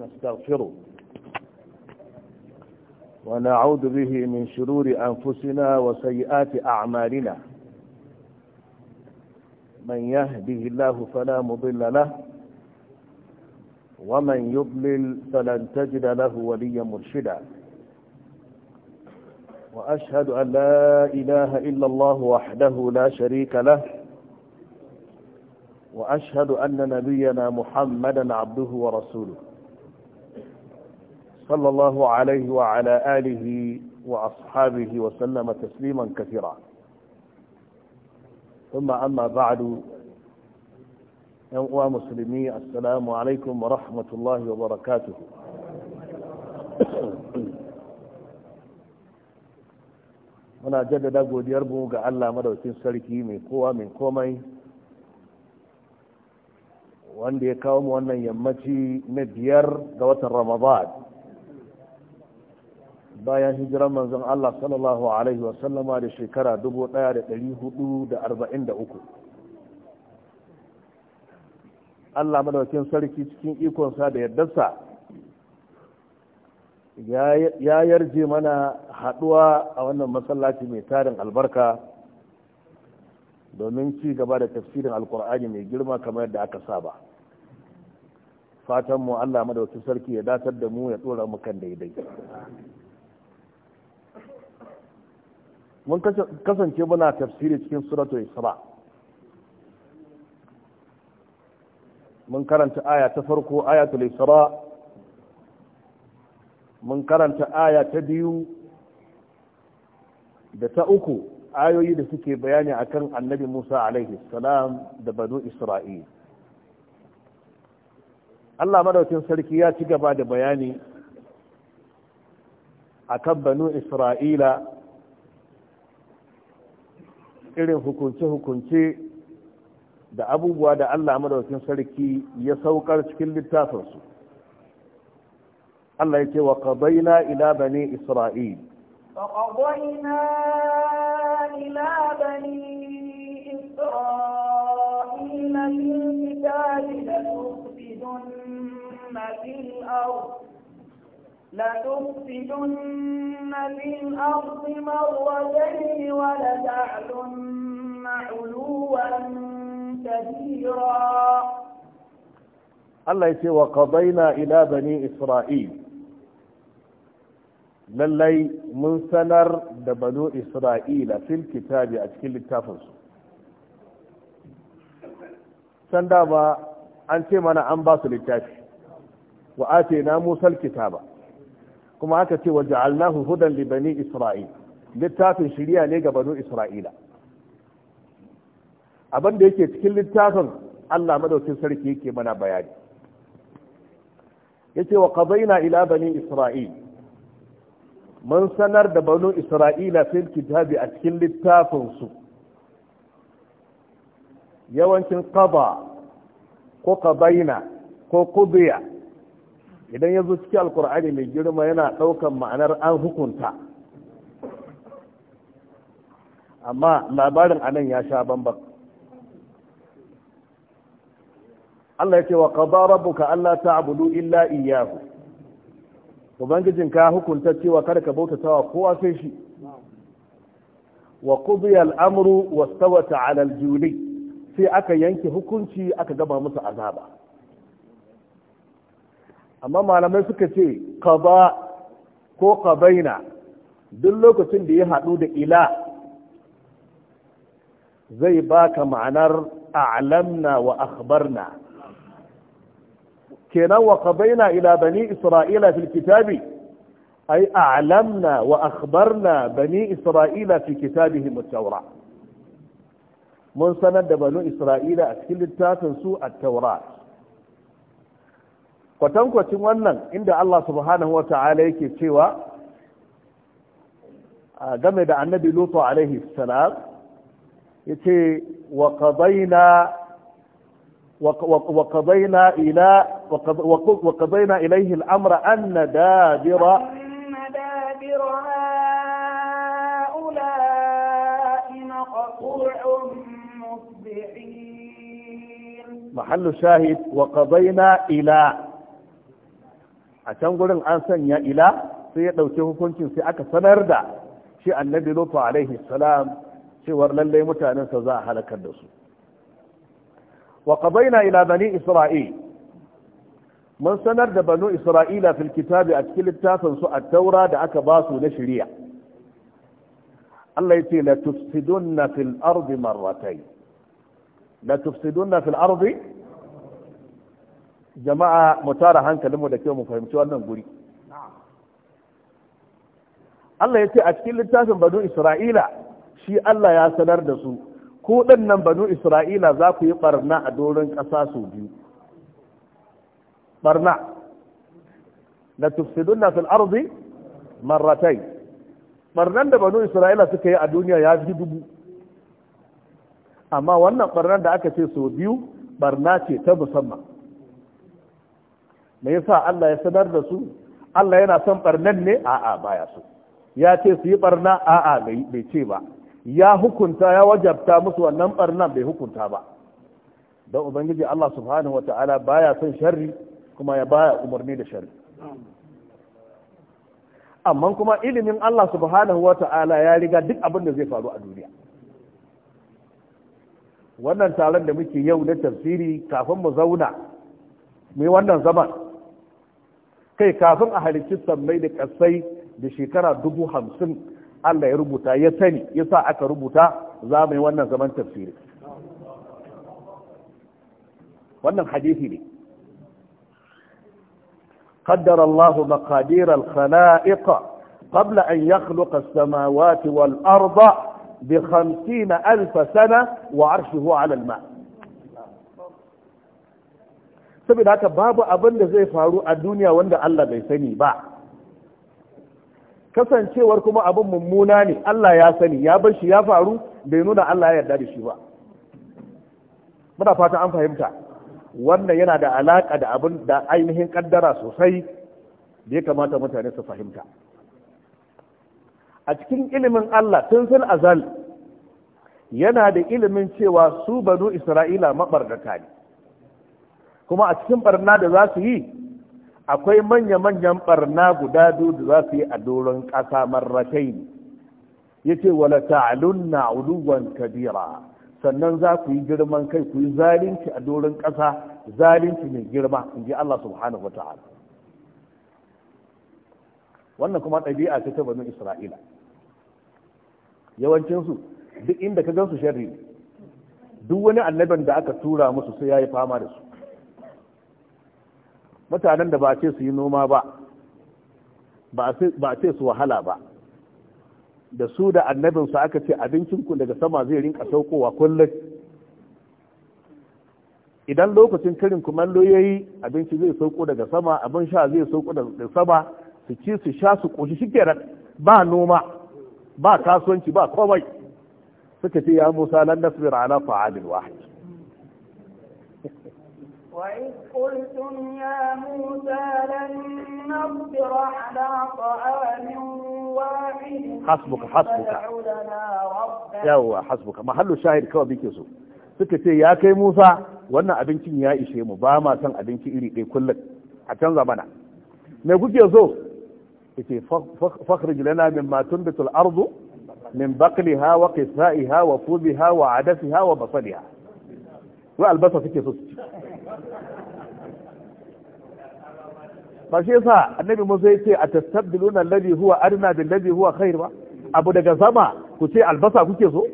ونستغفره ونعوذ به من شرور أنفسنا وسيئات أعمالنا من يهده الله فلا مضل له ومن يضلل فلن تجد له وليا مرشدا وأشهد أن لا إله إلا الله وحده لا شريك له وأشهد أن نبينا محمدا عبده ورسوله صلى الله عليه وعلى آله وأصحابه وسلم تسليما كثيرا ثم أما بعد يوم مسلمي السلام عليكم ورحمة الله وبركاته أنا جدد أبو ديربو جعل الله وسين سلكي من قوة من قومي وأن يكاوم وأن يمتي مبير دوة رمضان bayan hijirar manzon Allah sallallahu alaihi wasallama da shekara 1443 Allah madaukin sarki cikin ikonsa da yardarsa ya yarje mana haɗuwa a wannan masallaci mai tarin albarka domin ci gaba da tafsirin alkur'ani mai girma kamar yadda aka saba fatanmu Allah madaukin sarki ya datar da mu ya tsora mu kan daidai mun kasance muna tafsiri cikin suratul isra mun karanta aya ta farko ayatul isra mun karanta aya ta biyu da ta uku ayoyi da suke bayani akan annabi Musa alaihi salam da banu Isra'il Allah madaukin sarki ya ci gaba da bayani akan banu Isra'ila irin hukunce-hukunce da abubuwa da Allah madaukin sarki ya saukar cikin littafinsu Allah ya ce wa qadaina ila bani isra'il فقضينا إلى بني إسرائيل لتفسدن في الارض مرتين ولتعلن علوا كبيرا الله يسير وقضينا الى بني اسرائيل للي من سنر دبنو اسرائيل في الكتاب اتكل التافز سندما انت من انباس للتافز واتينا موسى الكتابه kuma aka ce waje allahu hudan li bani isra'il littafin shiriya ne ga banu isra'ila abin da yake cikin littafin Allah madaukin sarki yake mana bayani yace wa qadaina ila bani isra'il mun sanar da banu isra'ila fil kitabi a cikin littafin su yawancin qada ko Kabaina ko qudiya idan ya zo cikin alkur'ani mai girma yana ɗaukan ma'anar an hukunta amma labarin anan ya sha bambam Allah ya ce wa qada rabbuka alla ta'budu illa iyyahu ubangijin ka hukunta cewa kada ka bautatawa kowa sai shi wa qudiya al-amru wastawata 'ala al-juli sai aka yanke hukunci aka gaba musu azaba amma malamai suka ce qada ko qabaina duk lokacin da ya haɗu da ila zai baka ma'anar a'lamna wa akhbarna kenan wa qabaina ila bani isra'ila fil kitabi ay a'lamna wa akhbarna bani isra'ila fi kitabihim at-taura mun sanar da bani isra'ila a cikin littafin su at-taura kwatankwacin wannan inda Allah subhanahu wa ta'ala yake cewa game da annabi lutu alaihi salam yace wa qadayna wa qadayna ila wa qadayna ilayhi al-amra anna dabira محل شاهد وقضينا إلى a can gurin an sanya ila sai ya ɗauki hukuncin sai aka sanar da shi annabi lufa alaihi salam cewar lallai mutanensa za a halakar da su wa qadaina ila bani isra'il mun sanar da banu isra'ila fil kitabi a cikin littafin su a taura da aka ba su na shari'a Allah yace la tufsiduna fil ardi marratayn la tufsiduna fil ardi jama'a mu tara hankalinmu da kyau mu fahimci wannan guri Allah ya ce a cikin littafin banu Isra'ila shi Allah ya sanar da su ku nan banu Isra'ila za ku yi barna a doron ƙasa su biyu barna la tufsiduna fil ardi marratayn barnan da banu Isra'ila suka yi a duniya ya fi dubu amma wannan barnan da aka ce sau biyu barna ce ta musamman me yasa Allah ya sanar da su Allah yana son barnan ne a'a baya so ya ce su yi barna a'a bai ce ba ya hukunta ya wajabta musu wannan barnan bai hukunta ba don ubangiji Allah subhanahu wata'ala baya son sharri kuma ya baya umarni da sharri amma kuma ilimin Allah subhanahu wata'ala ya riga duk abin da zai faru a duniya wannan taron da muke yau na tafsiri kafin mu zauna mai wannan zaman كي كاظم أهل جسا ميدك السيد بشكرة دبو حمسن الله يربطا يتني يسا أكا ربطا زامي وانا زمان تفسيري وانا الحديثي لي قدر الله مقادير الخلائق قبل أن يخلق السماوات والأرض بخمسين ألف سنة وعرشه على الماء saboda haka babu abin da zai faru a duniya wanda Allah bai sani ba kasancewar kuma abin mummuna ne Allah ya sani ya bar shi ya faru bai nuna Allah ya yarda da shi ba muna fatan an fahimta wannan yana da alaka da abin da ainihin kaddara sosai da ya kamata mutane su fahimta a cikin ilimin Allah tun sun azal yana da ilimin cewa su banu Isra'ila mabardaka ne kuma a cikin barna da za su yi akwai manya-manyan barna guda biyu da za su yi a doron ƙasa marrakai ya ce wala na uluwan kabira sannan za ku yi girman kai ku yi zalunci a doron ƙasa zalunci mai girma in ji Allah subhanahu wa ta'ala wannan kuma ɗabi'a ta ta isra'ila yawancinsu duk inda ka gansu su sharri duk wani annabin da aka tura musu sai ya yi fama da su mutanen da ba ce su yi noma ba ba ce su wahala ba da su da annabinsu aka ce abincinku daga sama zai rinka saukowa kullum idan lokacin karin kumallo ya yi abinci zai sauko daga sama abin sha zai sauko daga sama su ci su sha su ƙoshi shi ba noma ba kasuwanci ba komai suka ce ya musa lan nasbir ala fa'alin wahid وإذ قلتم يا موسى لن نصبر على طعام واحد حسبك حسبك يوا حسبك محل الشاهد kawai bike so suka ce ya kai Musa wannan abincin ya ishe mu ba ma son abinci iri ɗaya kullum a canza mana me kuke so yace fakhrij lana min tunbitu al-ardu min baqliha wa qithaiha wa fubiha wa adasiha wa basaliha wai albasa suke so su ci ba shi yasa annabi Musa ya ce a tastabdiluna alladhi huwa adna bil ladhi huwa khair ba abu daga zama? ku ce albasa kuke so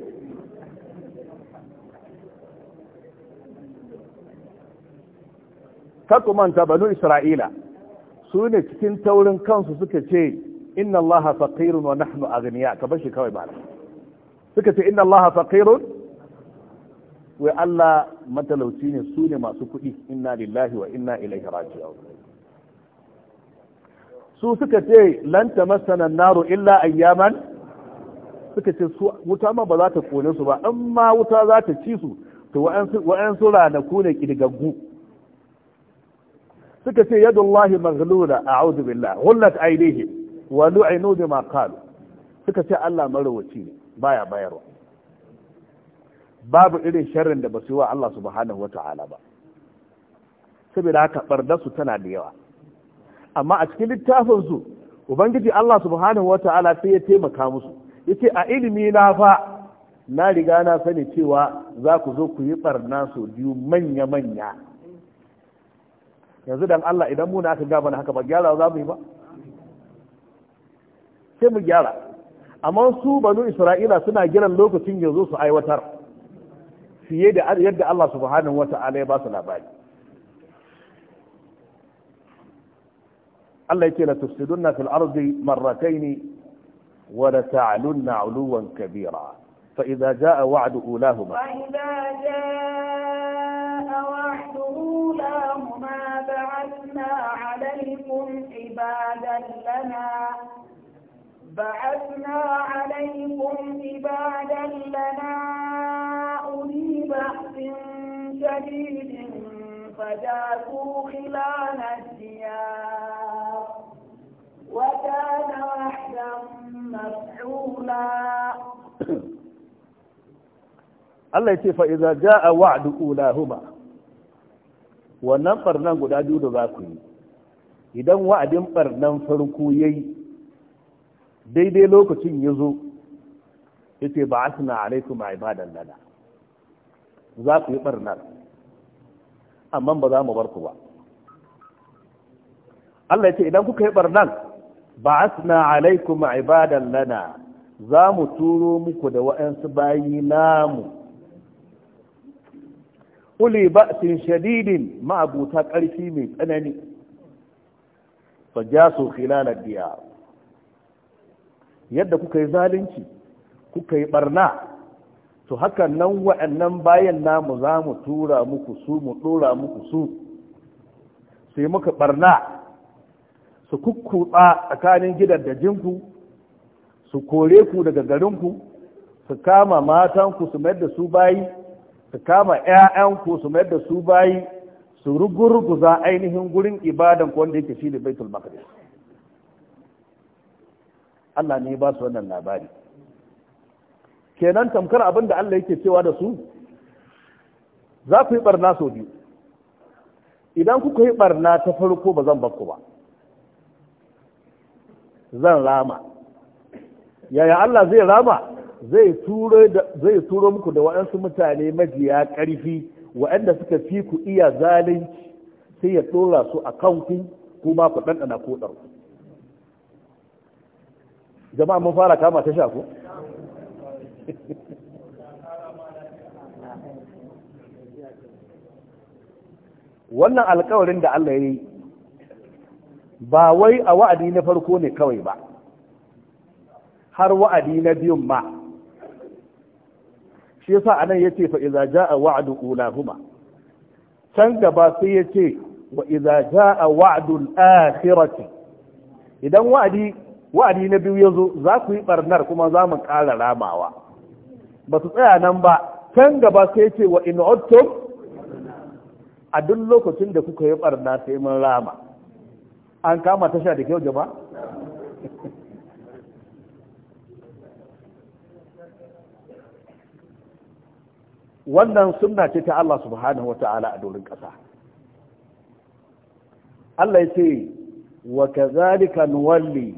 kakumanta banu isra'ila su ne cikin taurin kansu suka ce inna allaha faqirun wa nahnu aghniya ka bashi kawai ba suka ce inna allaha faqirun wai Allah matalauci ne su ne masu kuɗi inna lillahi wa inna ilaihi raji'un su suka ce lan tamassana naru illa ayyaman suka ce su wuta ma ba za ta kone su ba amma wuta za ta ci su to wa'ansu ranaku ne kidigaggu suka ce yadullahi maghlula a'udhu billah ghullat aydihi wa lu'inu bima qalu suka ce Allah marawaci ne baya bayarwa babu irin sharrin da ba su yi wa Allah subhanahu wa ta'ala ba saboda haka su tana da yawa amma a cikin littafin su ubangiji Allah subhanahu wa ta'ala sai ya taimaka musu yace a ilimi na fa na riga na sani cewa za ku zo ku yi barna su biyu manya manya yanzu dan Allah idan mu na aka gaba na haka ba gyara za mu yi ba sai mu gyara amma su banu Isra'ila suna giran lokacin ya zo su aiwatar fiye da yadda Allah subhanahu wa ta'ala ya ba su labari Allah yake la tufsiduna fil ardi marratayn wa la ta'lunna 'uluwan kabira fa idza jaa wa'du ulahuma fa idza jaa wa'du ulahuma ba'athna 'alaykum ibadan lana بعثنا عليكم عبادا لنا شديد فجاءوا خلال الديار وكان وحدا مفعولا Allah ya ce fa iza ja'a wa'du ulahuma wannan barnan guda biyu da za ku yi idan wa'adin barnan farko yayi daidai lokacin ya zo yace ba'athna alaikum ibadan lana za ku yi barnar amma ba za mu bar ku ba Allah ya ce idan kuka yi barnan ba'asna alaikum ibadan lana za mu turo muku da wa'ansu bayi namu uli ba'sin shadidin ma'abuta ƙarfi mai tsanani fajasu fila na diyar yadda kuka yi zalunci kuka yi barna to haka nan wa'annan bayan namu za mu tura muku su mu dora muku su su yi muka ɓarna su kukkutsa tsakanin gidan dajinku su kore ku daga garinku su kama matanku su mayar da su bayi su kama 'ya'yanku su mayar da su bayi su rugurguza ainihin gurin ibadan wanda yake shi da baitul maqdis Allah ne ba su wannan labari kenan tamkar abin da Allah yake cewa da su za ku yi barna sau biyu idan kuka yi barna ta farko ba zan bakku ba zan rama yaya Allah zai rama zai turo muku da waɗansu mutane majiya ƙarfi waɗanda suka fi ku iya zalunci sai ya ɗora su a kanku kuma ku ɗanɗana ko ɗarku jama'a mun fara kama ta shaku wannan alkawarin da Allah ya yi ba wai a wa'adi na farko ne kawai ba har wa'adi na biyun ma shi yasa anan yace fa idza jaa wa'du ulahuma can gaba sai yace wa idza jaa wa'du al-akhirati idan wa'adi wa'adi na biyu yazo za ku yi barnar kuma za mu ƙara ramawa ba su tsaya nan ba can gaba sai ce wa in ottum a duk lokacin da kuka yi barna sai mun rama an kama tasha da kyau jama'a wannan sunna ce ta Allah subhanahu wa ta'ala a dorin ƙasa Allah ya ce wa kazalika nuwalli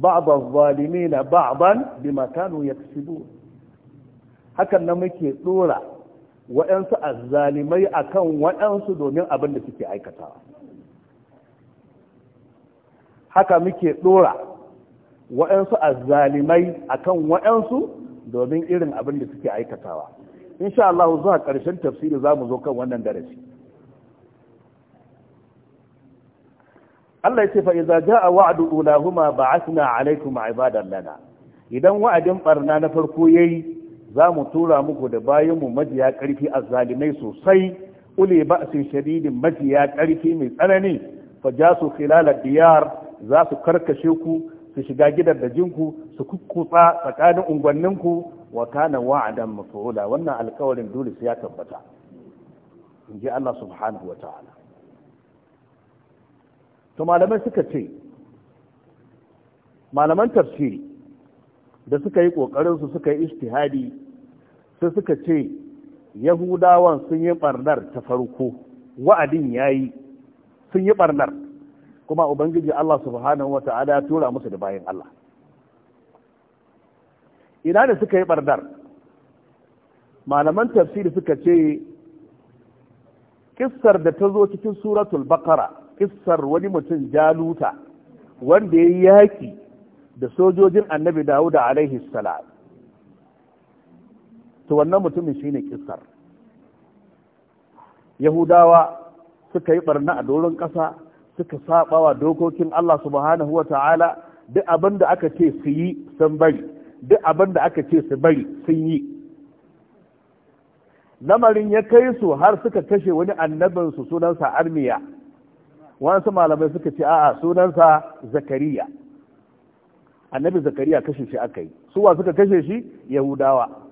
ba'd adh ba'dan bima kanu hakan na muke ɗora waɗansu azzalimai akan waɗansu domin abin da suke aikatawa haka muke dora waɗansu azzalimai akan waɗansu domin irin abin da suke aikatawa insha Allah zuwa ƙarshen tafsiri za mu zo kan wannan darasi Allah ya ce fa idza jaa wa'du ulahuma ba'athna 'alaykum 'ibadan lana idan wa'adin barna na farko yayi za mu tura muku da bayanmu majiya ƙarfi a zalimai sosai ule ba'sin shadidin majiya ƙarfi mai tsanani fa ja su filala diyar za su karkashe ku su shiga gidan da jinku su kukkutsa tsakanin unguwanninku wa kana wa'adan maf'ula wannan alkawarin dole sai ya tabbata in ji Allah subhanahu wa ta'ala to malamai suka ce malaman tafsiri da suka yi ƙoƙarinsu suka yi istihadi sai suka ce yahudawan sun yi barnar ta farko wa'adin ya yi sun yi barnar kuma ubangiji Allah subhanahu wa ta'ala ya tura musu da bayan Allah ina da suka yi barnar malaman tafsiri suka ce kissar da ta zo cikin suratul baqara kissar wani mutum jaluta wanda ya yi yaƙi da sojojin annabi dawuda alaihi salam to wannan mutumin shine kissar yahudawa suka yi barna a doron ƙasa suka saba wa dokokin Allah subhanahu wata'ala duk abin da aka ce su yi sun bari duk abin aka ce su bari sun yi lamarin ya kai su har suka kashe wani annabin su sunansa armiya wasu malamai suka ce a'a sunansa zakariya annabi zakariya kashe shi aka yi suwa suka kashe shi yahudawa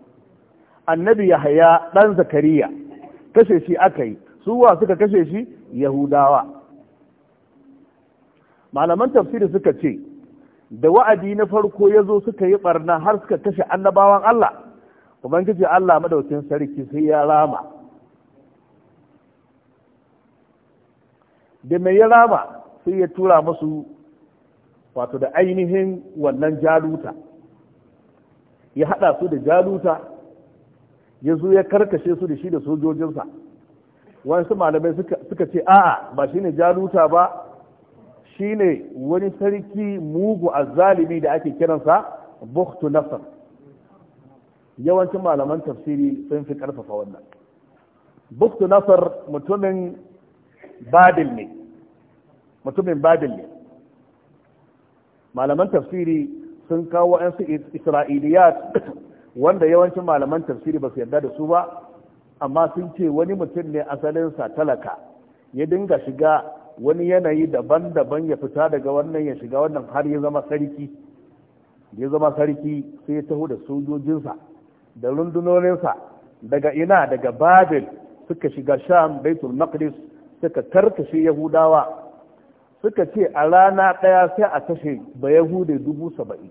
annabi yahaya ɗan zakariya kashe shi aka yi suwa suka kashe shi yahudawa malaman tafsiri suka ce da wa'adi na farko ya zo suka yi barna har suka kashe annabawan Allah ubangiji Allah madaukin sarki sai ya rama da mai ya rama sai ya tura musu wato da ainihin wannan jaluta ya hada su da jaluta ya zo ya karkashe su da shi da sojojinsa wasu malamai suka ce a'a ba shine jaluta ba shine wani sarki mugu a zalimi da ake kiransa bukhtu nasar yawancin malaman tafsiri sun fi karfafa wannan bukhtu nasar mutumin babil ne mutumin babil ne malaman tafsiri sun kawo 'yan su isra'iliyat wanda yawancin malaman tafsiri ba su yarda da su ba amma sun ce wani mutum ne asalinsa talaka ya dinga shiga wani yanayi daban-daban ya fita daga wannan ya shiga wannan har ya zama sarki ya zama sarki sai ya taho da sojojinsa da rundunoninsa daga ina daga babil suka shiga sham baitul maqdis suka karkashe yahudawa suka ce a rana ɗaya sai a kashe ba yahudai dubu saba'in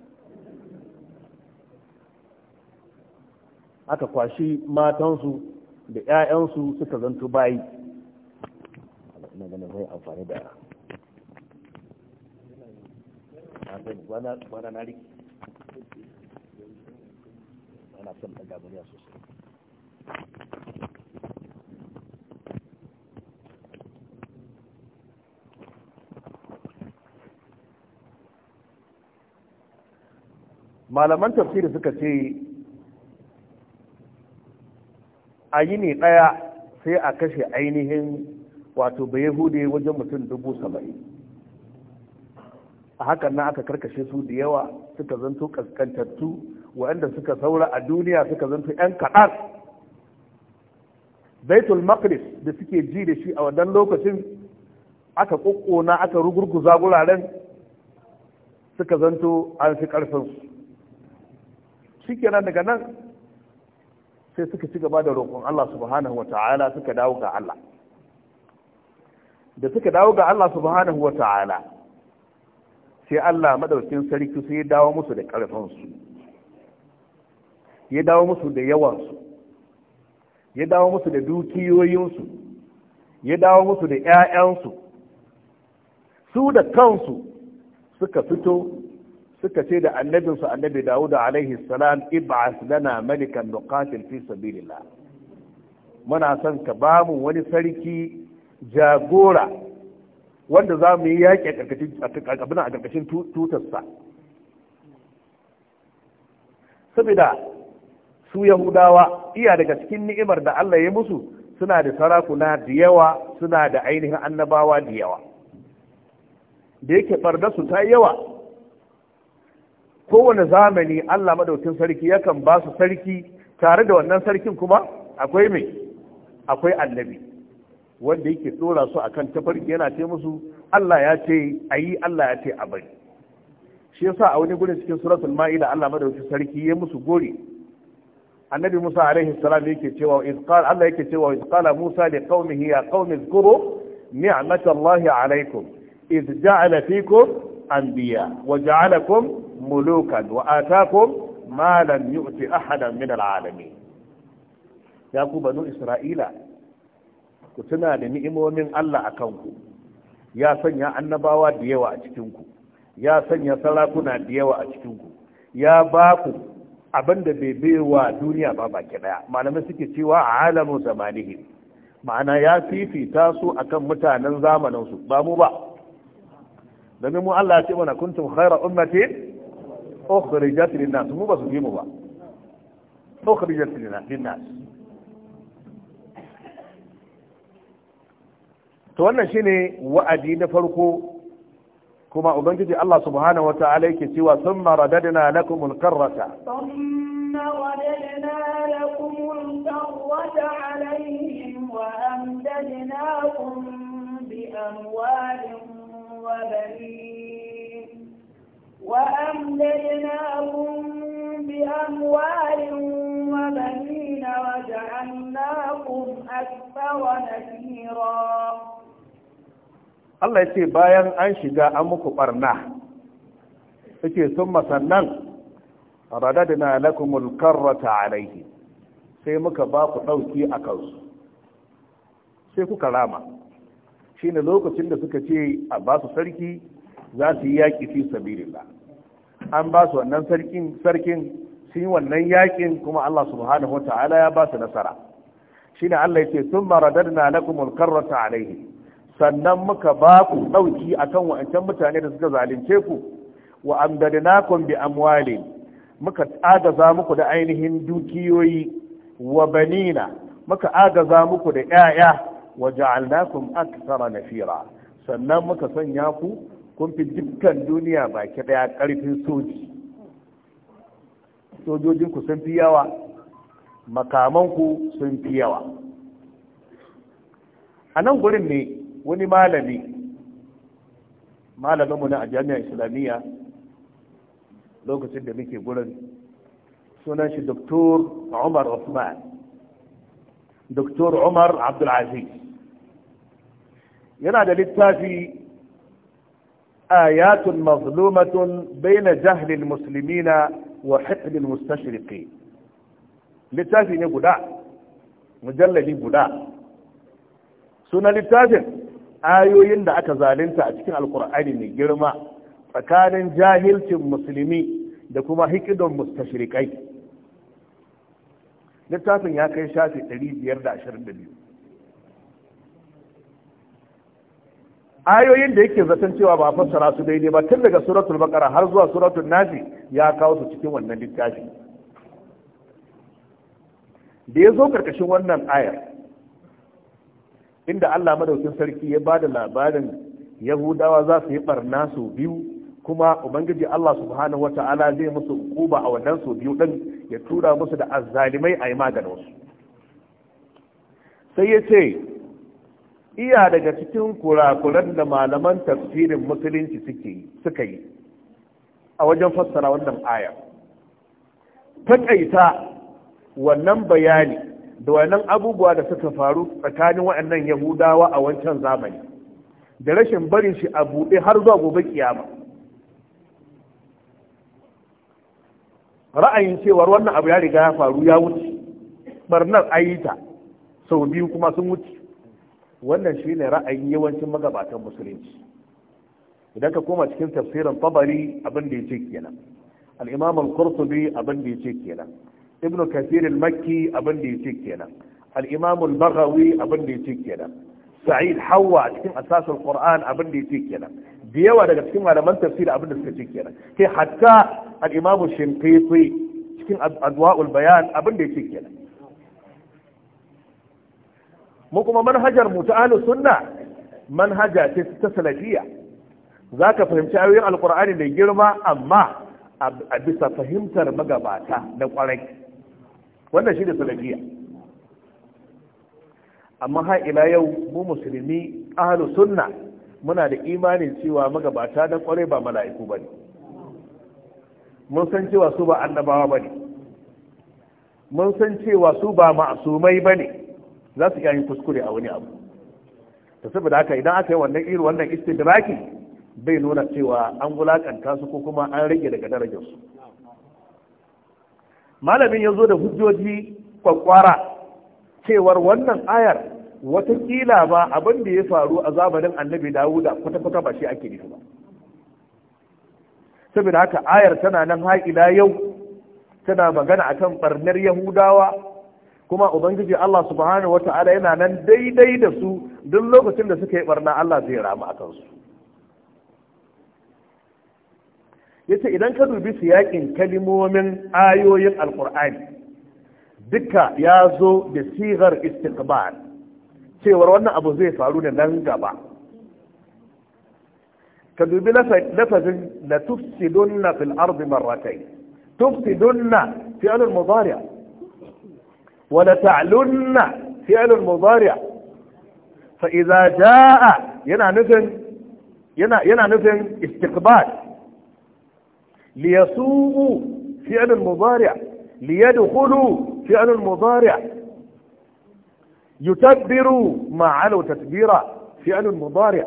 aka kwashi matansu da 'ya'yansu suka zanto bayi ina malaman tafsiri suka ce a yini ɗaya sai a kashe ainihin wato bai hude wajen mutum dubu saba'in a hakan nan aka karkashe su da yawa suka zanto kaskantattu waɗanda suka saura a duniya suka zanto 'yan kaɗan baitul maqdis da suke ji da shi a wannan lokacin aka ƙoƙona aka rugurguza guraren suka zanto an fi ƙarfinsu shi kenan daga nan sai suka ci gaba da roƙon Allah subhanahu wa ta'ala suka dawo ga Allah da suka dawo ga Allah subhanahu wa ta'ala sai Allah madaukin sarki sai ya dawo musu da ƙarfinsu ya dawo musu da yawansu ya dawo musu da dukiyoyinsu ya dawo musu da ‘ya'yansu su da kansu suka fito suka ce da annabinsu annabi Dawud alaihi salam ib'as lana malikan nuqatil fi sabilillah muna son ka ba mu wani sarki jagora wanda za mu yi yaƙi a ƙarƙashin tutarsa saboda su yahudawa iya daga cikin ni'imar da Allah ya musu suna da sarakuna da yawa suna da ainihin annabawa da yawa da yake farda su ta yawa kowane zamani Allah madaukin sarki yakan ba su sarki tare da wannan sarkin kuma akwai mai akwai annabi wanda yake dora su akan tafarki yana ce musu Allah ya ce ayi Allah ya ce a bari shi yasa a wani gurin cikin suratul ma'ida Allah madaukin sarki ya musu gori annabi Musa alaihi salam yake cewa iz qala Allah yake cewa iz qala Musa li qaumihi ya qaumi zkuru ni'matallahi alaikum iz ja'ala fikum anbiya wa ja'alakum mulukan wa atakum ma lam yu'ti ahadan min al'alamin ya ku banu isra'ila ku tuna da ni'imomin Allah akan ku ya sanya annabawa da yawa a cikin ku ya sanya sarakuna da yawa a cikin ku ya ba ku abinda bai baiwa duniya ba baki daya malamai suke cewa a alamu zamanihi ma'ana ya fifita su akan mutanen zamanin su ba mu ba domin mu Allah ya ce mana kuntum khayra ummatin ukhrijat lin-nas mu ba su fi mu ba ukhrijat lin-nas to wannan shine wa'adi na farko kuma ubangiji Allah subhanahu wa ta'ala yake cewa thumma radadna lakum al-karrata thumma radadna lakum al-karrata alayhim wa amdadnakum bi amwalin وبنين وأمددناهم بأموال وبنين وجعلناكم أكثر نفيرا Allah ya ce bayan an shiga an muku ɓarna, yake sun masannan, radadina lakumul karrata alaihi sai muka ba ku ɗauki a kansu, sai kuka rama. shine lokacin da suka ce a ba su sarki za su yi yaƙi fi sabilillah an ba su wannan sarkin sarkin sun yi wannan yaƙin kuma Allah subhanahu ta'ala ya ba su nasara shine Allah ya ce sun na kuma karrata a alaihi sannan muka ba ku a kan wa'ancan mutane da suka zalunce ku wa kun bi muka agaza muku da ainihin dukiyoyi wa banina muka agaza muku da 'ya'ya waja'alnakum akthara nafira sannan muka sanya ku kun fi dukkan duniya baki daya karfin soji sojojin ku sun fi yawa makaman ku sun fi yawa a nan gurin ne wani malami malaminmu na a jami'a islamiyya lokacin da muke gurin sunan shi doktor umar Usman دكتور عمر عبد العزيز ينادى للتافي آيات مظلومة بين جهل المسلمين وحقد المستشرقين للتافي نبدا مجلد بدا سنة للتافي آيوين دعك ظالنت أتكن القرآن من نجرما فكان جاهل المسلمين دكما هكذا المستشرقين littafin ya kai shafi 522 ayoyin da yake zaton cewa ba fassara su daidai ba tun daga suratul baqara har zuwa suratul nasi ya kawo su cikin wannan littafin. da ya zo karkashin wannan ayar inda Allah madaukin sarki ya ba da labarin yahudawa za su yi ɓarna su biyu kuma ubangiji Allah subhanahu wata'ala zai musu kuba a wannan su biyu din ya tura musu da azzalimai a yi maganin su sai ya ce iya daga cikin kurakuran da malaman tafsirin musulunci suka yi a wajen fassara wannan aya taƙaita wannan bayani da wannan abubuwa da suka faru tsakanin waɗannan yahudawa a wancan zamani da rashin barin shi a buɗe har zuwa gobe kiyama ra'ayin cewar wannan abu ya riga ya faru ya wuce barnar ayyuta sau biyu kuma sun wuce wannan shi ne ra'ayin yawancin magabatan musulunci idan ka koma cikin tafsirin tabari abin da ya ce kenan al'imam al-qurtubi abin da ya ce kenan ibnu kasir al-makki abin da ya ce kenan al'imam al-baghawi abin da ya ce kenan sa'id hawa a cikin asasul qur'an abin da yake kenan da yawa daga cikin malaman tafsir abin da suka ce kai hatta al-imamu shimfifi cikin adwa'ul bayan abin da yake kenan mu kuma manhajar mu ta sunna manhaja ce ta salafiyya zaka fahimci ayoyin alqur'ani da girma amma a bisa fahimtar magabata na kwarai wannan shi da salafiyya amma har ila yau mu musulmi ahlu sunna muna da imanin cewa magabata dan kwarai ba mala'iku bane mun san cewa su ba annabawa bane mun san cewa su ba ma'asumai bane za su yi kuskure a wani abu ta saboda haka idan aka yi wannan irin wannan istidraki bai nuna cewa an wulakanta su ko kuma an rage daga darajar su malamin ya zo da hujjoji kwakwara cewar wannan ayar Wata watakila ba abin da ya faru a zamanin annabi dawuda kwata-kwata ba shi ake nufi ba saboda haka ayar tana nan haƙila yau tana magana akan ɓarnar yahudawa kuma ubangiji allah subhanahu wata'ala yana nan daidai da su duk lokacin da suka yi barna allah zai rama a kansu yace idan ka dubi yakin kalimomin ayoyin alkur'ani duka ya zo da sigar istiqbal cewar wannan abu zai faru ne nan gaba ka dubi lafazin la tufsidunna fil ardi marratayn tufsidunna fi'l mudari' wa la ta'lunna fi'l mudari' fa idza jaa yana nufin yana yana nufin istiqbal liyasuu fi'l mudari' liyadkhulu fi'l mudari' yutabbiru ma'alau tatbira fi'alun mudari'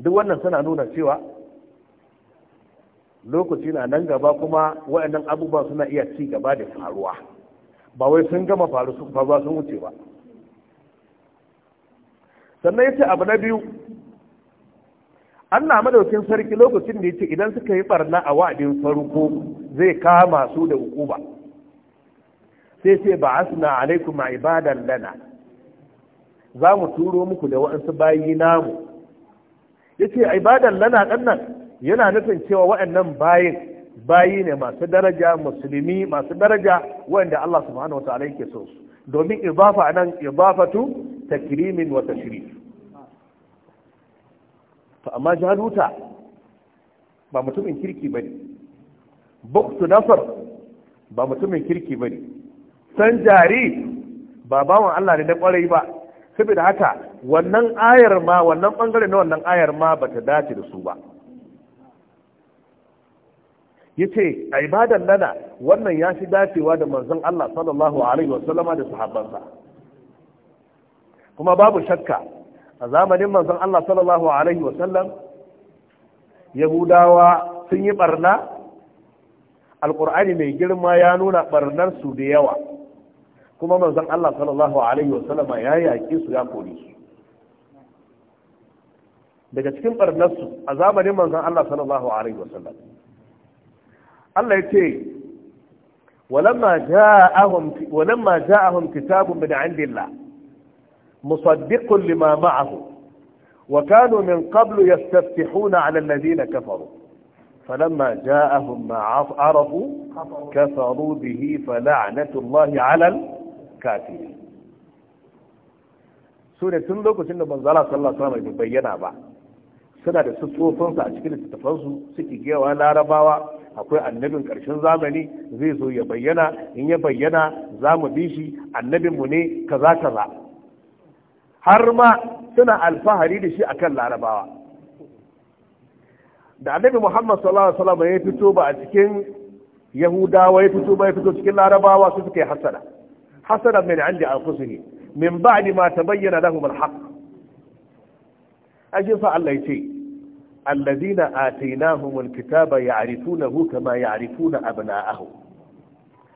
duk wannan suna nuna cewa lokaci na nan gaba kuma waɗannan abubuwa suna iya ci gaba da faruwa ba wai sun gama faruwa sun wuce ba sannan yace abu na biyu Allah madaukin sarki lokacin da yace idan suka yi barna a wa'adin farko zai kama su da hukuma sai sai ba asna alaikum ibadan lana za mu turo muku da wa'ansu bayi namu ya ce ibadan lana ɗannan yana nufin cewa wa'annan bayin bayi ne masu daraja musulmi masu daraja wanda Allah subhanahu wataala yake so su domin ibafa anan idafatu takrimin wa tashrif to amma jaluta ba mutumin kirki bane buktu nasar ba mutumin kirki bane san jari ba bawan Allah ne na kwarai ba saboda haka wannan ayar ma wannan bangare na wannan ayar ma bata dace da su ba yace a ibadan lana wannan ya fi dacewa da manzon Allah sallallahu alaihi wa sallama da sahabbansa kuma babu shakka a zamanin manzon Allah sallallahu alaihi wa sallam yahudawa sun yi barna alkur'ani mai girma ya nuna barnar su da yawa kuma manzon Allah sallallahu alaihi wasallama ya yaƙi su ya kore su daga cikin barnarsu a zamanin manzon Allah sallallahu alaihi wasallam Allah ya ce ولما جاءهم ولما جاءهم كتاب من عند الله مصدق لما معه وكانوا من قبل يستفتحون على الذين كفروا فلما جاءهم ما عرفوا كفروا به فلعنة الله على kafiri su ne tun lokacin da manzala sallallahu alaihi bai bayyana ba suna da sassofinsu a cikin littattafansu suke gewa larabawa akwai annabin karshen zamani zai zo ya bayyana in ya bayyana za mu bi shi annabinmu ne kaza kaza har ma suna alfahari da shi akan larabawa da annabi muhammad sallallahu alaihi wasallam ya fito ba a cikin yahudawa ya fito ba ya fito cikin larabawa su suke hassana. حسنا من عند انفسه من بعد ما تبين لهم الحق اجي الله يتي الذين اتيناهم الكتاب يعرفونه كما يعرفون ابناءهم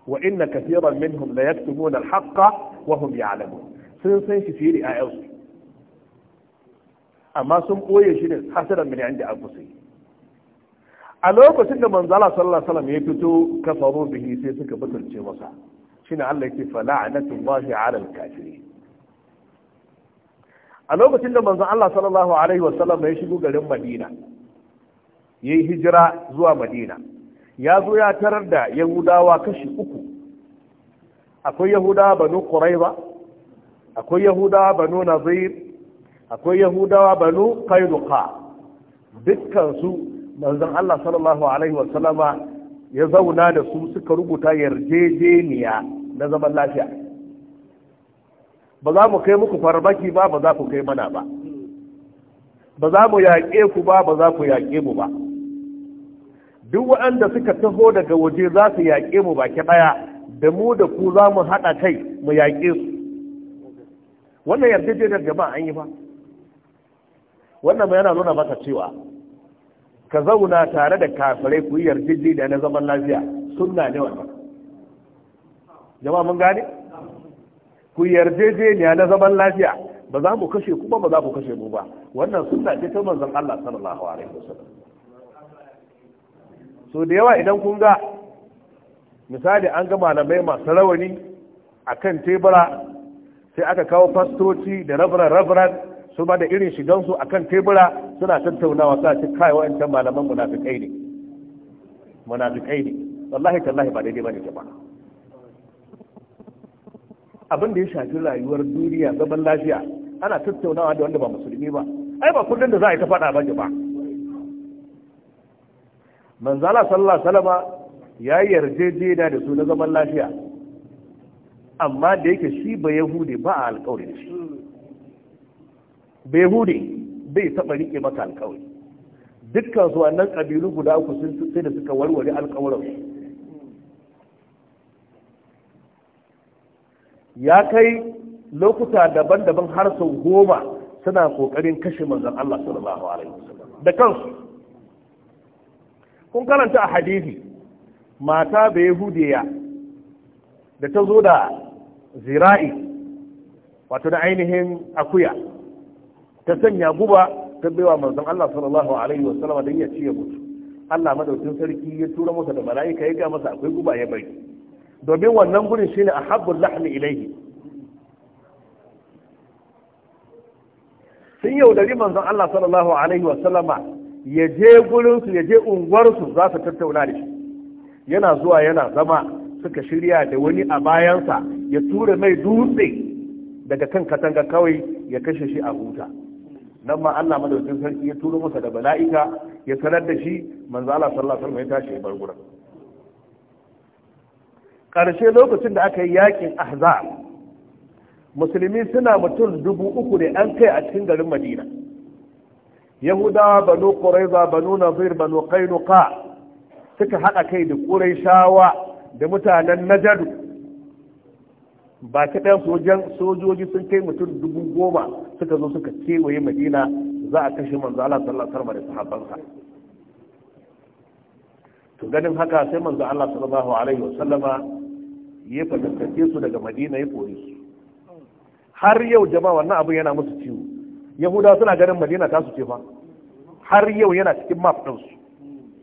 وان كثيرا منهم ليكتمون الحق وهم يعلمون sun shi fiye da amma sun ɓoye shi da hasiran an da a lokacin da manzala sallallahu ya fito kafa bihi sai suka butulce masa shine Allah yake fala'natullahi 'alal kafirin a lokacin da manzon Allah sallallahu alaihi sallam ya shigo garin Madina yayi hijira zuwa Madina ya zo ya tarar da Yahudawa kashi uku akwai Yahudawa banu Quraiba akwai Yahudawa banu Nazir akwai Yahudawa banu Qaynuqa dukkan su manzon Allah sallallahu alaihi sallama ya zauna da su suka rubuta yarjejeniya na zaman lafiya ba za mu kai muku farmaki ba ba za ku kai mana ba ba za mu yaƙe ku ba ba za ku yaƙe mu ba duk waɗanda suka taho daga waje za su yaƙe mu baki ɗaya da mu da ku za mu haɗa kai mu yaƙe su wannan yarjejeniyar jama'a an yi ba wannan mai yana nuna maka cewa ka zauna tare da kafirai ku yi yarjejeniya na zaman lafiya suna ne wannan jama'a mun gane ku yarjejeniya na zaman lafiya ba za mu kashe ku ba ba za mu kashe mu ba wannan sunna ce ta manzon Allah sallallahu alaihi wasallam so da yawa idan kun ga misali an ga malamai masu rawani akan tebura sai aka kawo fastoci da rabran rabran su ba da irin shigan su akan tebura suna tattaunawa sa ci kai wa'ancan malaman munafikai ne munafikai ne wallahi tallahi ba daidai bane jama'a abin da ya shafi rayuwar duniya zaman lafiya ana tattaunawa da wanda ba musulmi ba ai ba kullum da za a yi ta faɗa ba ba manzala sallallahu salama ya yarjejena da su na zaman lafiya amma da yake shi ba yahudi ba a alkawari da shi ba yahudi bai taɓa riƙe maka alkawari dukkan su wannan ƙabilu guda uku sun sai da suka warware alkawarin ya kai lokuta daban-daban har sau goma suna kokarin kashe manzan Allah sallallahu alaihi wasallam da kansu kun karanta a hadisi mata da yahudiya da ta zo da zira'i wato da ainihin akuya ta sanya guba ta baiwa manzan Allah sallallahu alaihi wasallam don ya ci ya mutu Allah madaukin sarki ya tura masa da mala'ika ya ga masa akwai guba ya bari domin wannan gurin shine ahabbul lahmi ilaihi sun yaudari manzon Allah sallallahu alaihi wa sallama ya je gurin su ya je unguwar za su tattauna da shi yana zuwa yana zama suka shirya da wani a bayansa ya tura mai dutse daga kan katanga kawai ya kashe shi a huta nan ma Allah madaukakin sarki ya turo masa da bala'ika ya sanar da shi manzo Allah sallallahu alaihi wasallam ya tashi bar gurin ƙarshe lokacin da aka yi yakin Ahza, musulmi suna mutum dubu uku ne an kai a cikin garin madina yahudawa banu ƙuraiza banu nazir banu kainuka suka haɗa kai da ƙuraishawa da mutanen najadu ba ta ɗan sojan sojoji sun kai mutum dubu goma suka zo suka kewaye madina za a kashe manzo Allah sallallahu alaihi wasallam da sahabbansa to ganin haka sai manzo Allah sallallahu alaihi wasallama ya su daga madina ya kore su har yau jama'a wannan abin yana musu ciwo yahudawa suna ganin madina ta su ce fa har yau yana cikin map su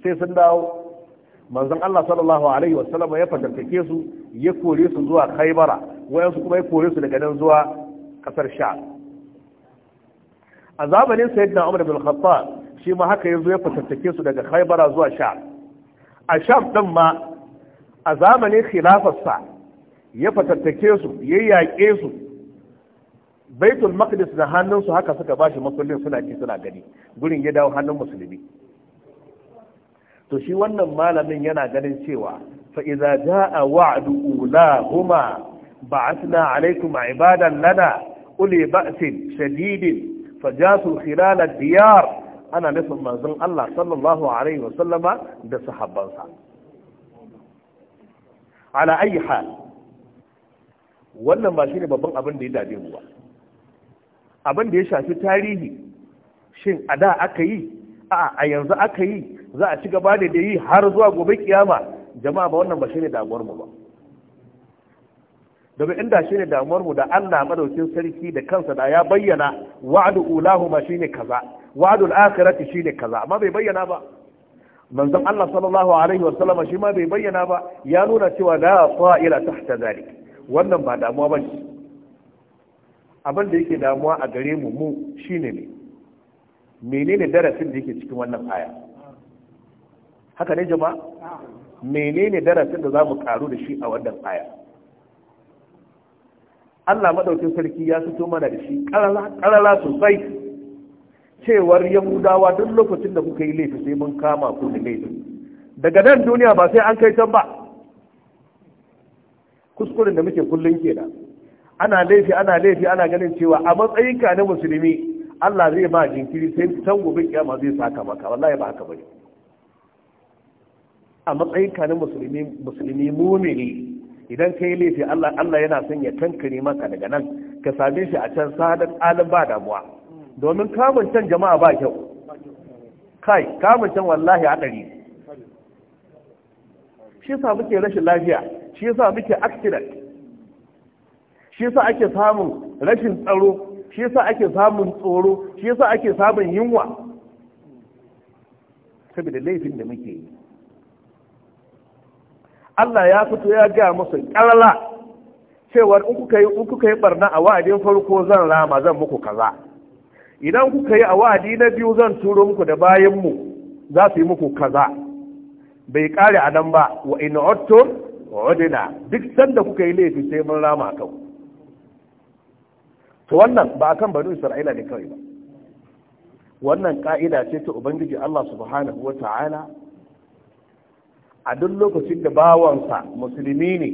sai sun dawo manzon Allah sallallahu alaihi wasallam ya fatattake su ya kore su zuwa Khaibara su kuma ya kore su daga nan zuwa kasar Sha a zamanin sayyidina Umar bin Khattab shi ma haka yazo ya fatattake su daga Khaibara zuwa Sha a Sha din ma a zamanin khilafarsa ya fatattake su ya yaƙe su baitul maqdis da hannunsu haka suka ba shi suna ci suna gani gurin ya dawo hannun musulmi to shi wannan malamin yana ganin cewa fa idza jaa wa'du ulahuma ba'athna alaykum ibadan lana uli ba'sin shadidin fajasu khilal ad-diyar ana nufin manzon Allah sallallahu alaihi wa sallama da sahabbansa ala ayi hal wannan ba shi ne babban abin da ya dade mu abin da ya shafi tarihi shin a da aka yi a a yanzu aka yi za a ci gaba da yi har zuwa gobe kiyama jama'a ba wannan ba shi ne damuwar mu ba domin inda shi ne damuwar mu da Allah madaukin sarki da kansa da ya bayyana wa'adu ulahuma ne kaza wa'adul akhirati ne kaza amma bai bayyana ba manzon Allah sallallahu alaihi wa shi ma bai bayyana ba ya nuna cewa la sa'ila tahta zalik wannan ba damuwa ba ne abin da yake damuwa a gare mu mu shine ne menene darasin da yake cikin wannan aya haka ne jama'a menene darasin da za mu karu da shi a wannan aya Allah maɗaukin sarki ya fito mana da shi ƙarara sosai cewar yahudawa duk lokacin da kuka yi laifi sai mun kama ku da laifin daga nan duniya ba sai an kai can ba kuskuren da muke kullum kenan ana laifi ana laifi ana ganin cewa a matsayinka na musulmi Allah zai ba jinkiri sai san gobe kiyama zai saka maka wallahi ba haka bane a matsayinka na musulmi musulmi mumini idan kai laifi Allah Allah yana son ya kankare maka daga nan ka same shi a can sadar alim ba damuwa domin kamun can jama'a ba kyau kai kamun can wallahi ne shi yasa muke rashin lafiya shi yasa muke accident shi yasa ake samun rashin tsaro shi yasa ake samun tsoro shi yasa ake samun yunwa saboda laifin da muke yi Allah ya fito ya gaya musu ƙarala cewar in kuka yi in kuka yi barna a wa'adin farko zan rama zan muku kaza idan kuka yi a wa'adi na biyu zan turo muku da bayan mu za su yi muku kaza bai kare a nan ba wa ina ottum udina duk sanda kuka yi laifi sai mun rama kau to wannan ba kan banu isra'ila ne kawai ba wannan ka'ida ce ta ubangiji Allah subhanahu wa ta'ala a duk lokacin da bawansa musulmi ne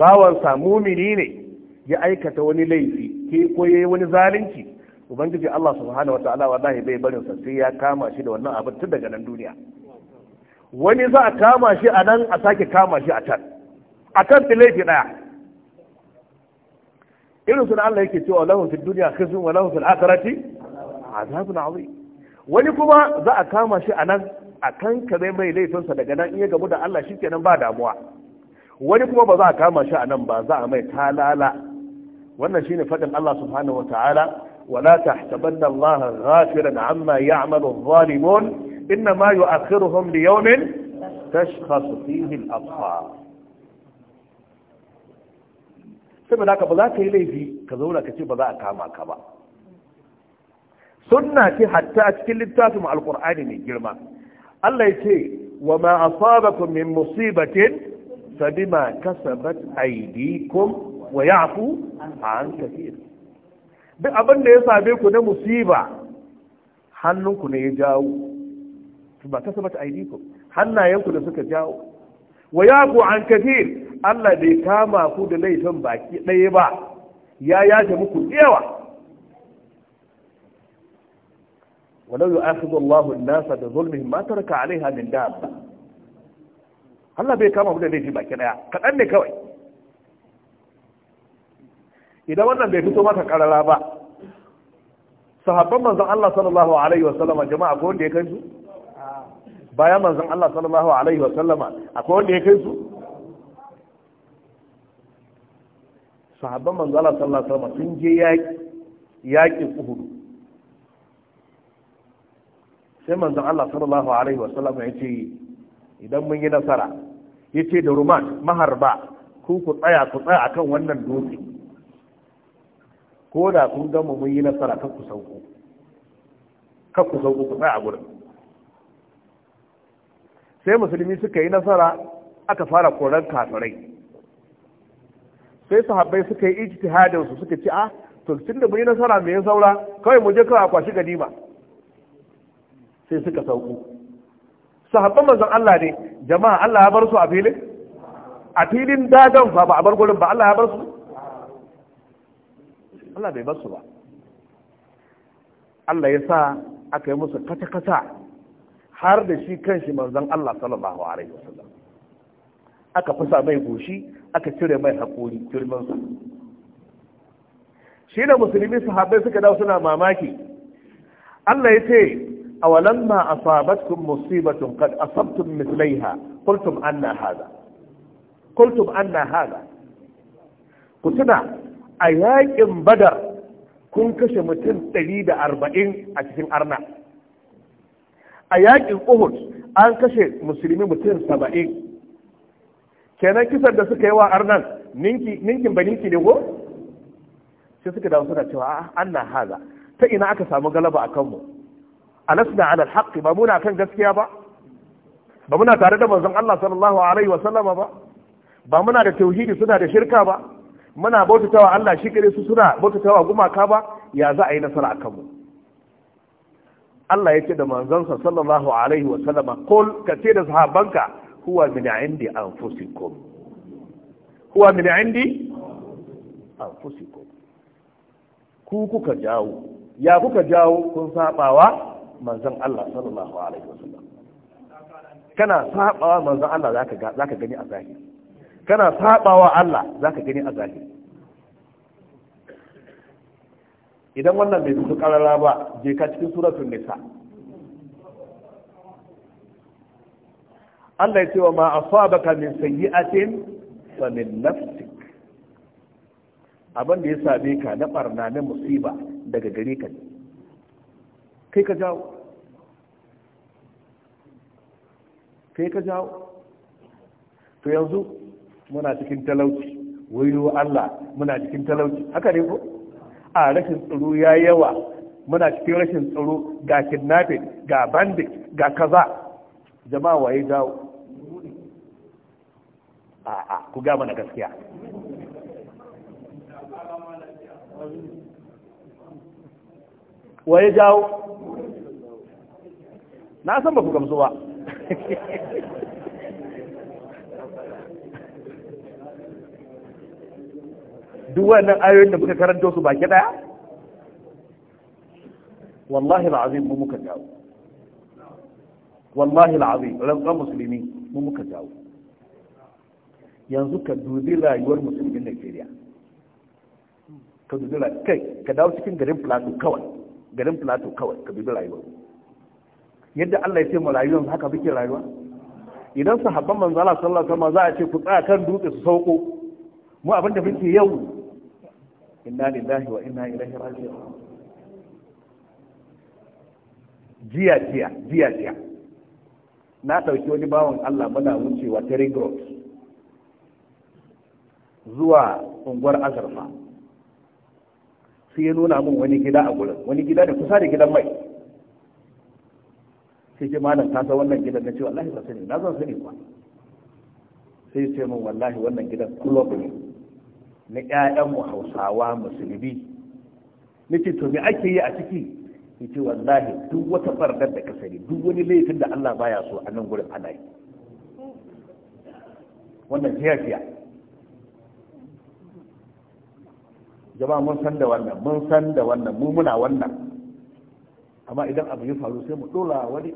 bawansa mumini ne ya aikata wani laifi ke ko wani zalunci ubangiji Allah subhanahu wa ta'ala wallahi bai barin sa sai ya kama shi da wannan abin tun daga nan duniya wani za a kama shi a nan a sake kama shi a can a kan laifi ɗaya irin suna Allah yake cewa lahun fi duniya khizyun wa lahun fil akhirati azabun azim wani kuma za a kama shi a nan a kan kare mai laifinsa daga nan in ya gamu da Allah shikenan ba damuwa wani kuma ba za a kama shi a nan ba za a mai talala wannan shine fadin Allah subhanahu wa ta'ala ولا تحسبن الله Amma عما inna ma yu'akhiruhum li yawmin tashkhasu fihi al-absar haka ba za ka yi laifi ka zauna ka ce ba za a kama ka ba sunna ce hatta a cikin littafin alkur'ani mai girma Allah ya ce wa ma asabakum min musibatin fabima kasabat aydikum wa ya'fu an kathir duk abin da ya same ku na musiba hannunku ne ya jawo ba ta sabata aidiku hannayenku da suka jawo wa yaku an kafir Allah bai kama ku da laifin baki ɗaya ba ya yace muku yawa walau yu'akhidhu Allahu an-nasa bi zulmihim ma taraka 'alayha min dabba Allah bai kama ku da laifin baki ɗaya kaɗan ne kawai idan wannan bai fito maka karara ba sahabban manzon Allah sallallahu alaihi wa jama'a ko wanda ya kai su bayan manzon Allah sallallahu alaihi wa sallama akwai wanda ya kai su sahabban manzon Allah sallallahu alaihi wa sallama sun je yaki yaki Uhud sai manzon Allah sallallahu alaihi wa sallama ya ce idan mun yi nasara ya ce da ruman maharba ku ku tsaya ku tsaya akan wannan dutse ko da kun gama mun yi nasara kan ku sauko kan ku sauko ku tsaya a gurin sai musulmi suka yi nasara aka fara koran kafirai sai sahabbai suka yi ijtihadin su suka ci a ah, to da mun yi nasara mai yin saura kawai mu je kawai a kwashi ganima sai suka sauko sahabban manzon Allah ne jama'a Allah ya bar su a filin a filin dadan fa ba a bar gurin ba Allah ya bar su Allah bai bar su ba Allah ya sa aka yi musu kata-kata har da shi kan kanshi manzon Allah sallallahu alaihi wasallam aka fasa mai goshi aka cire mai haƙori su shi da musulmi sahabbai suka dawo suna mamaki Allah ya ce awalamma asabatkum musibatun qad asabtum mithlaiha qultum anna hadha qultum anna haza. ku tuna a yaƙin badar kun kashe mutum ɗari da arba'in a cikin arna a yakin uhud an kashe musulmi mutum saba'in kenan kisan da suka yi wa arnan ninkin ba ninki ne ko sai suka dawo suna cewa an na haza ta ina aka samu galaba a kanmu alasna ala alhaq ba muna kan gaskiya ba ba muna tare da manzon Allah sallallahu alaihi wa ba ba muna da tauhidi suna da shirka ba muna bautatawa Allah shi kare su suna bautatawa gumaka ba ya za a yi nasara a kanmu Allah ya ce da manzansa sallallahu alaihi wasallama kul ka ce da sahabanka huwa min indi anfusikum huwa min indi anfusikum ku kuka jawo ya kuka jawo kun sabawa manzan Allah sallallahu alaihi wasallam kana sabawa manzan Allah zaka zaka gani a zahiri kana sabawa Allah zaka gani a zahiri idan wannan bai fito karara ba je ka cikin suratun nisa Allah ya ce wa ma asabaka min sayyi'atin fa min nafsik abin da ya same ka na barna na musiba daga gare ka ne kai ka jawo kai ka jawo to yanzu muna cikin talauci wayo Allah muna cikin talauci haka ne ko a rashin tsaro ya yawa muna cikin rashin tsaro ga kidnapping ga bandit ga kaza jama'a waye dawo a'a ku ga mana gaskiya waye dawo na san ba ku gamsu ba duk wannan ayoyin da muka karanto su baki daya wallahi alazim mu muka jawo wallahi alazim rantsan musulmi mu muka jawo yanzu ka dubi rayuwar musulmin Najeriya ka dubi kai ka dawo cikin garin plateau kawai garin plateau kawai ka dubi rayuwar yadda Allah ya ce mu rayuwar haka muke rayuwa idan sahabban manzala sallallahu alaihi wasallam za a ce ku tsaya kan dutse su sauko mu abinda muke yau inna lillahi wa inna ilaihi raji'un jiya jiya jiya jiya na ɗauki wani bawan Allah muna wucewa ta ring road zuwa unguwar azurfa sai ya nuna min wani gida a gurin wani gida da kusa da gidan mai sai ce malam ta san wannan gidan na ce wallahi ba sani na zan sani ba sai ce mun wallahi wannan gidan club ne na ƴaƴanmu hausawa musulmi nace to me ake yi a ciki yace wallahi duk wata fardar da ka sani duk wani laifin da Allah baya so a nan gurin ana yi wannan jiya jama'a mun san da wannan mun san da wannan mu muna wannan amma idan abu ya faru sai mu dola wani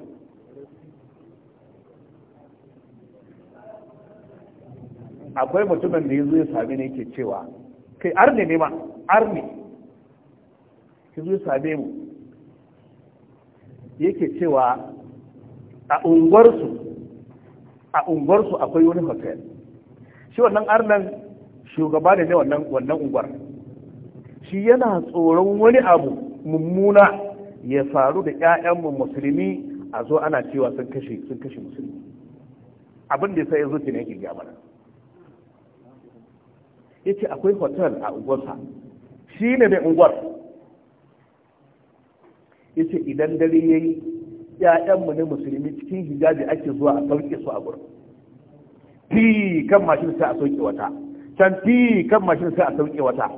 akwai mutumin da ya zo ya sami ni ke cewa kai arne ne ma arne ki zo ya same mu yake cewa a unguwarsu a unguwarsu akwai wani hotel shi wannan arnan shugaba ne ne wannan wannan unguwar shi yana tsoron wani abu mummuna ya faru da 'ya'yanmu musulmi a zo ana cewa sun kashe sun kashe musulmi abin da sai ya zo ne yake gyamana ya ce akwai hotel a unguwarsa shi ne mai unguwar ya ce idan dare ya yi ‘ya'yanmu ne musulmi cikin hijabi ake zuwa a sauke su a gurin fi kan mashin sai a sauke wata can fi kan mashin sai a sauke wata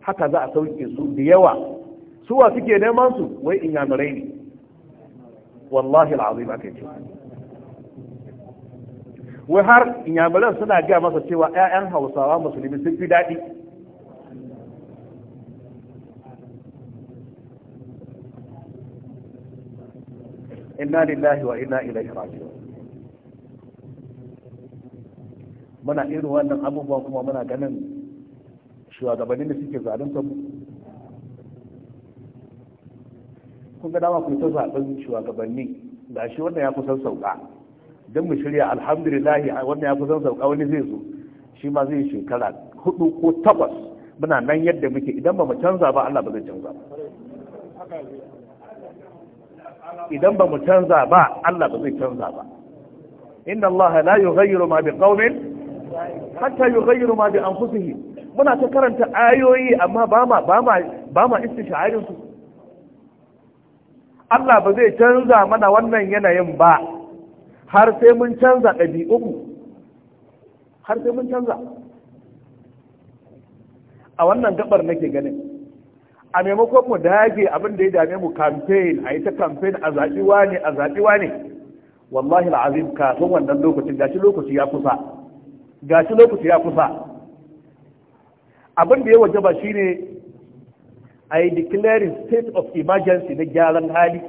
haka za a sauke su da yawa suwa suke neman su wai in yamirai ne wallahi al'azim aka cewa. wai har inyamuran suna gaya masa cewa 'ya'yan hausawa musulmi sun fi daɗi inna lillahi wa inna ilaihi raji'un muna irin wannan abubuwan kuma muna ganin shugabannin da suke zalunta mu kun ga dama kusa ta zaɓen shugabanni da shi wannan ya kusan sauka don mu shirya alhamdulillah wanda ya fi son sauka wani zai zo shi ma zai shekara hudu ko takwas muna nan yadda muke idan ba mu canza ba Allah ba zai canza ba idan ba mu canza ba Allah ba zai canza ba inna Allah la yughayyiru ma qaumin hatta yughayyiru ma bi anfusihim muna ta karanta ayoyi amma ba ma ba ma ba ma istisha'irin su Allah ba zai canza mana wannan yanayin ba har sai mun canza ɗabi'u har sai mun canza a wannan gabar nake ganin a maimakon mu dage abin da ya dame mu campaign a yi ta campaign a zaɓiwa ne a zaɓiwa ne wallahi al'azim kafin wannan lokacin gashi lokaci ya kusa gashi lokaci ya kusa abin da ya waje ba shine a yi declaring state of emergency na gyaran hali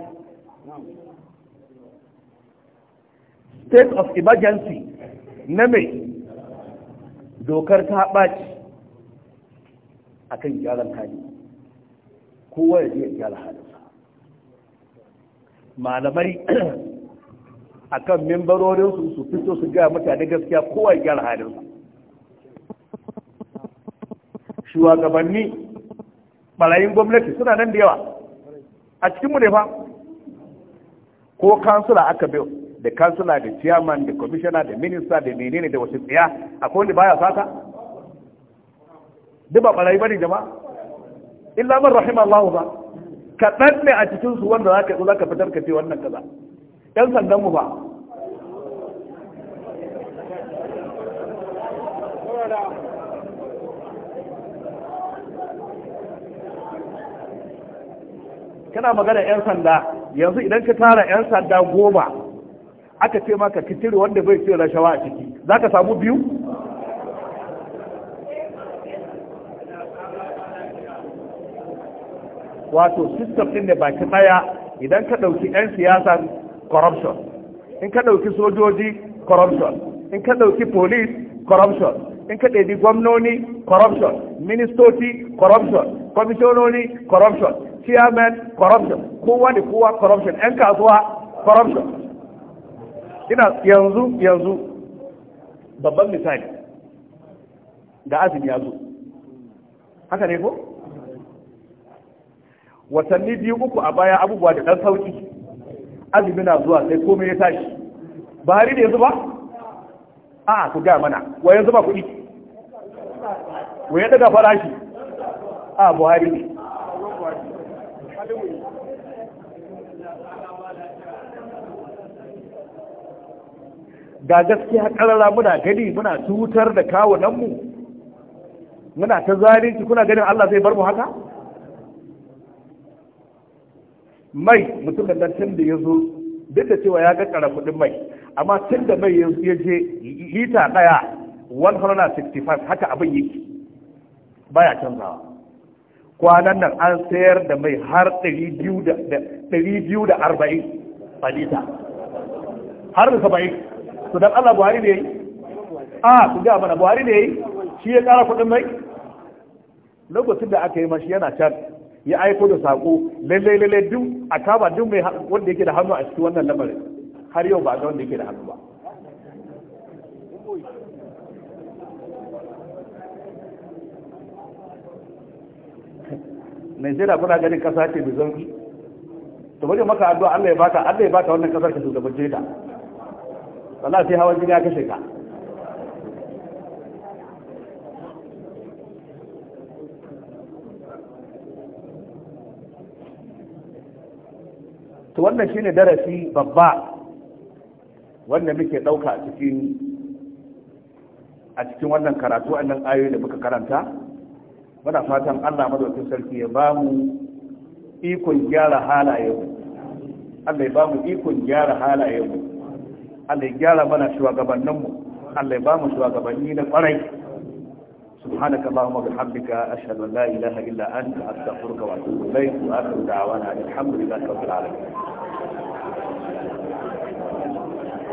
state of emergency na mai dokar ta ɓaci a kan gyaran hali kowa ya ji gyara halinsa malamai a kan membarorinsu su fito su gaya mutane gaskiya kowa ya gyara halinsa shugabanni barayin gwamnati suna nan da yawa a cikinmu ne fa ko kansula aka biyu da kansula da chairman da commissioner da minister da menene da wasu tsaya akwai wanda baya sata duk ba barayi bane jama'a illa man rahima Allah ba kaɗan ne a cikin su wanda zaka zo zaka fitar ka ce wannan kaza ɗan sandan mu ba kana magana 'yan sanda yanzu idan ka tara 'yan sanda goma aka ce maka kitiri wanda bai ce rashawa a ciki za ka samu biyu wato system ɗin da baki ɗaya idan ka ɗauki 'yan siyasa corruption in ka ɗauki sojoji corruption in ka ɗauki police corruption in ka ɗaiɗi gwamnoni corruption ministoci corruption kwamishinoni corruption chairman corruption kowa da kowa corruption 'yan kasuwa corruption ina yanzu yanzu babban misali da azumi ya zo haka ne ko watanni biyu uku a baya abubuwa da ɗan sauki azumi na zuwa sai komai ya tashi buhari da yanzu ba a ku ga mana wa yanzu ba kuɗi wa ya daga farashi a buhari ne ga gaskiya karara muna gani muna tutar da mu? muna ta zalunci kuna ganin Allah zai bar mu haka mai mutumin nan tun da ya zo duk da cewa ya kakkara kudin mai amma tun da mai ya je lita daya 165 haka abin yake baya canzawa kwanan nan an sayar da mai har 240 a lita har da 70 to dan Allah Buhari ne yayi a ku ga bana Buhari ne shi ya kara kudin mai lokacin da aka yi mashi yana can ya aiko da sako lalle lalle duk a kaba duk mai wanda yake da hannu a cikin wannan lamarin har yau ba ga wanda yake da hannu ba Najeriya kuna ganin kasa ce mai zanki to bari maka addu'a Allah ya baka Allah ya baka wannan kasar ka shugabance ta wallahi sai hawan jini ya kashe ka to wannan ne darasi babba wanda muke ɗauka a cikin wannan karatu a nan ayoyi da muka karanta muna fatan allah madaukin sarki ya ba mu ikon gyara halayenmu allah ya ba mu ikon gyara halayenmu Allah gyara mana shugabanninmu Allah ba mu shugabanni na kwarai سبحانك اللهم وبحمدك أشهد أن لا إله إلا أنت أستغفرك وأتوب إليك وآخر دعوانا الحمد لله رب العالمين